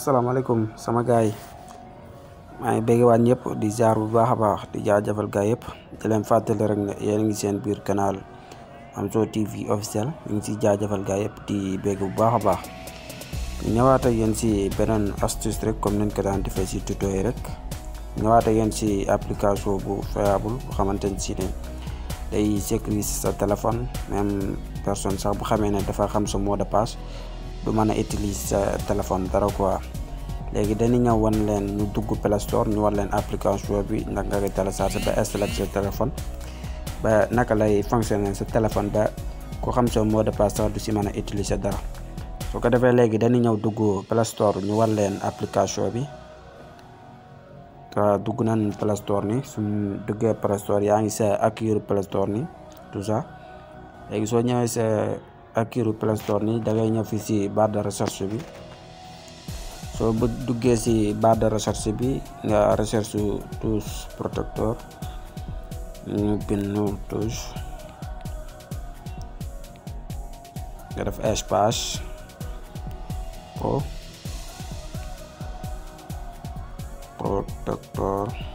asalaamaaleykum sama gars yi maa ngi bëgg ñëpp di jaar bu baax a baax di jaajëfal gars yëpp di leen fàttali rek ne yéen ngi seen biir canal Amzo TV officiel ñu ngi si jaajëfal gars yëpp di bëgg bu baax a baax ñëwaat ak yéen si beneen astuce rek comme nañ ko daan defee si tuto yi rek ñëwaat ak yéen si application bu fiable bu xamante ne si ne day sécuriser sa téléphone même personne sax bu xamee ne dafa xam sa mot de passe du mën a utiliser sa téléphone dara quoi léegi dañu ñëw wan leen ñu dugg Play Store ñu wan leen application bi ndax nga koy télécharger ba installé téléphone ba naka lay fonctionner sa téléphone ba ku xam sa mot de passe sax du si mën a utiliser dara soo ko defee léegi dañu ñëw dugg Play Store ñu wan leen application bi dugg nañ Play Store ni suñ duggee Play Store yaa ngi sa accueillir Play Store ni tout léegi soo ñëwee sa ak kiiru Play Store nii da ngay ñëw fii si barre de recherche bi soo bu duggee ci barre de recherche bi nga recherche touche protecteur ñu bind touche nga def espace oh, pro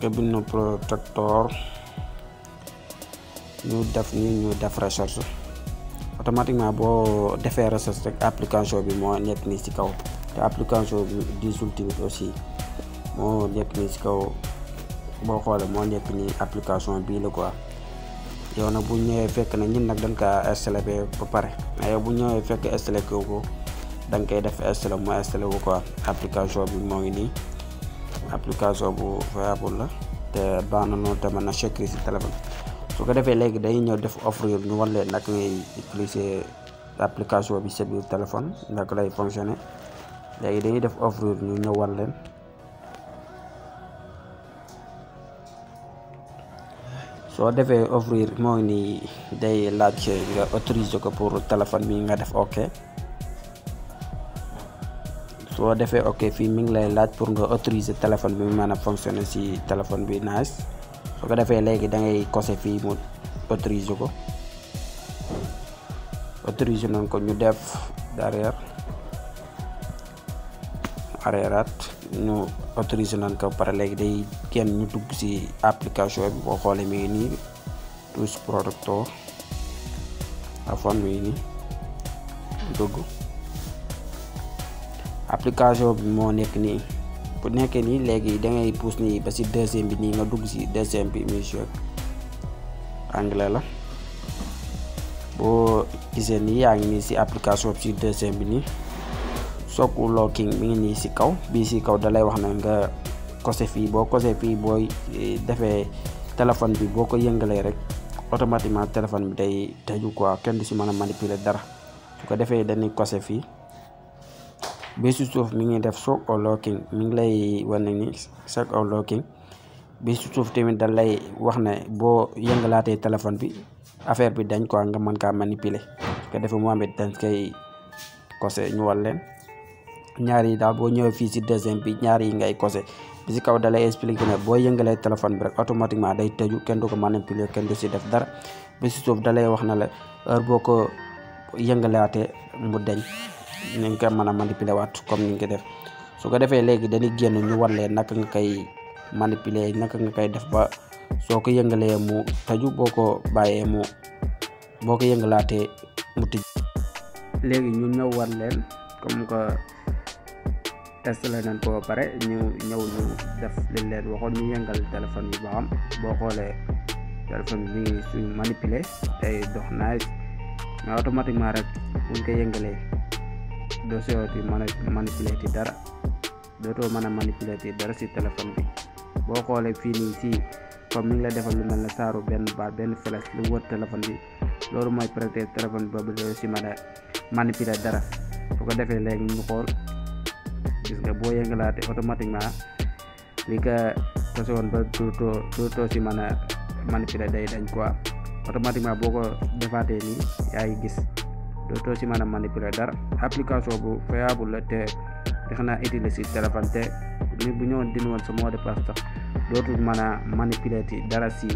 cabine protector ñu def nii ñu def recherche automatiquement boo defee recherche rek application bi moo nekk nii ci kaw te application bi diisul tamit aussi moo nekk nii ci kaw boo xoolee moo nekk nii application bii la quoi yow nag bu ñëwee fekk na ñun nag dañ kaa installé ba pare mais bu ñëwee fekk installé ko da koy def installé mu installé wu quoi application bi moo ngi nii. application bu viable la te baax na noonu te mën na sécuriser téléphone su ko defee léegi dañuy ñëw def offrir ñu wan leen naka ngay utiliser application bi sa biir téléphone naka lay fonctionner léegi dañuy def offrir ñu ñëw wan leen soo defee ofrir moo ngi nii day laaj nga autoriser ko pour téléphone bi nga def ok boo defee ok fii mi ngi lay laaj pour nga autoriser téléphone bi maanaam fonctionner si téléphone bi nice su ko defee léegi da ngay coché fii mu autoriser ko autoriser nañ ko ñu def derrière arrièreat ñu autoriser nañ ko pare léegi day kenn ñu dugg si application bi boo xoolee mi ngi nii tous producteurs afon mi dugg application bi moo nekk nii bu nekkee nii léegi da ngay pousse nii ba si deuxième bi nii nga dugg si deuxième bi musique anglais la boo gisee nii yaa ngi nii si application bi si deuxième bi nii sooku locking mi ngi nii si kaw bii si kaw dalay wax na nga kose fii boo kose fii booy eh, defee téléphone bi boo ko yëngalee rek automatiquement téléphone bi day tëju quoi kenn du si mën a manipuler dara su ko defee dañuy kose fii bi si suuf mi ngi def su or locking mi ngi lay wane ni shock or locking bi si suuf tamit da lay wax na boo yëngalaatee téléphone bi affaire bi dañ ko nga mën kaa manipuler nga defe mu amit dañ koy kose ñu wal leen ñaar yi daal boo ñëwee fii si deuxième bi ñaar yi ngay kose si kaw da lay expliquer yëngalee téléphone bi rek automatiquement day tëju kenn du ko manipuler kenn du si def dara bi si suuf da wax ne la heure boo ko yëngalaatee mu deñ ni nga koy mën a manipuler waat comme ni nga ko def su ko defee léegi dañuy génn ñu wan leen naka nga koy manipuler naka nga koy def ba soo ko yëngalee mu taju boo ko bàyyee mu boo ko yëngalaatee mu tëj. léegi ñu ñëw wan leen comme que testé nañ ko pare ñu ñëw ñu def leen waxoon ñu yëngal téléphone yi ba xam boo xoolee téléphone bi suñu manipuler tey dox naaj mais automatiquement rek buñ ko yëngalee. doo sewati mën a manipuler dara dootoo mën a manipuler dara si téléphone bi boo xoolee fii nii si comme mi la defal lu mel na saaru benn ba benn flash lu wër téléphone bi loolu mooy protéger téléphone bi boobu doo si mën a manipuler dara boo ko defee léegi ñu xool gis nga boo yëngalaatee automatiquement li ka tase woon ba dootoo dootoo si mën a manipuler day dañ quoi automatiquement boo ko defaatee nii yaa gis dootoo si mën a manipuler dara application bu fiable la te defe naa utile si téléphone te ñu bu ñëwoon dindi woon sa mot de passe sax dootul mën a manipuler ti dara si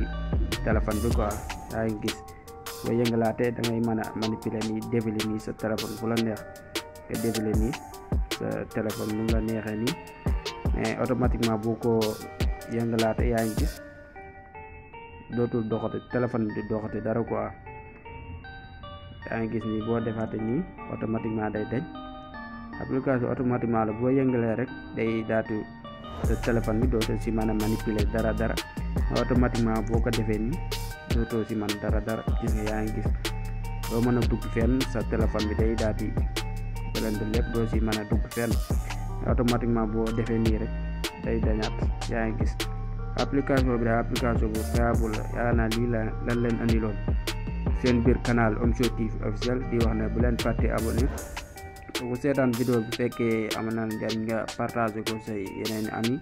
téléphone bi quoi yaa ngi gis boo yëngalaatee da ngay mën a manipuler nii défiler nii sa téléphone bu la neex nga défiler nii sa téléphone nu la neexee nii mais automatiquement boo ko yëngalaatee yaa ngi gis dootul téléphone bi du doxati dara quoi. yaa ngi gis nii boo defaate nii automatiquement day daj application automatiquement la boo yëngalee rek day daatu téléphone bi dootoo si mën a manipuler dara dara automatiquement boo ko defee nii dootoo si man dara dara gis yaa ngi gis doo mën a dugg fenn sa téléphone bi day daati bëlen bi lépp doo a dugg fenn automatiquement boo defee nii rek day la yaa lan leen andiloon seen biir canal Omzo TV officiel di wax ne bu leen fàtte abonné bu seetaan vidéo bi fekkee am na njariñ nga partagé ko say yeneen ami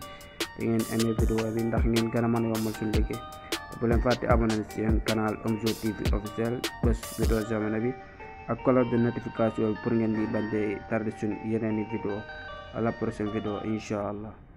da ngeen aimé vidéo bi ndax ngeen gën man mën a yombal suñu liggéey bu leen fàtte abonné seen canal Omzo TV officiel bés vidéo jamono bi ak cloche de notification bi pour ngeen bi bañ a tardé suñu yeneen i vidéo à la prochaine vidéo incha allah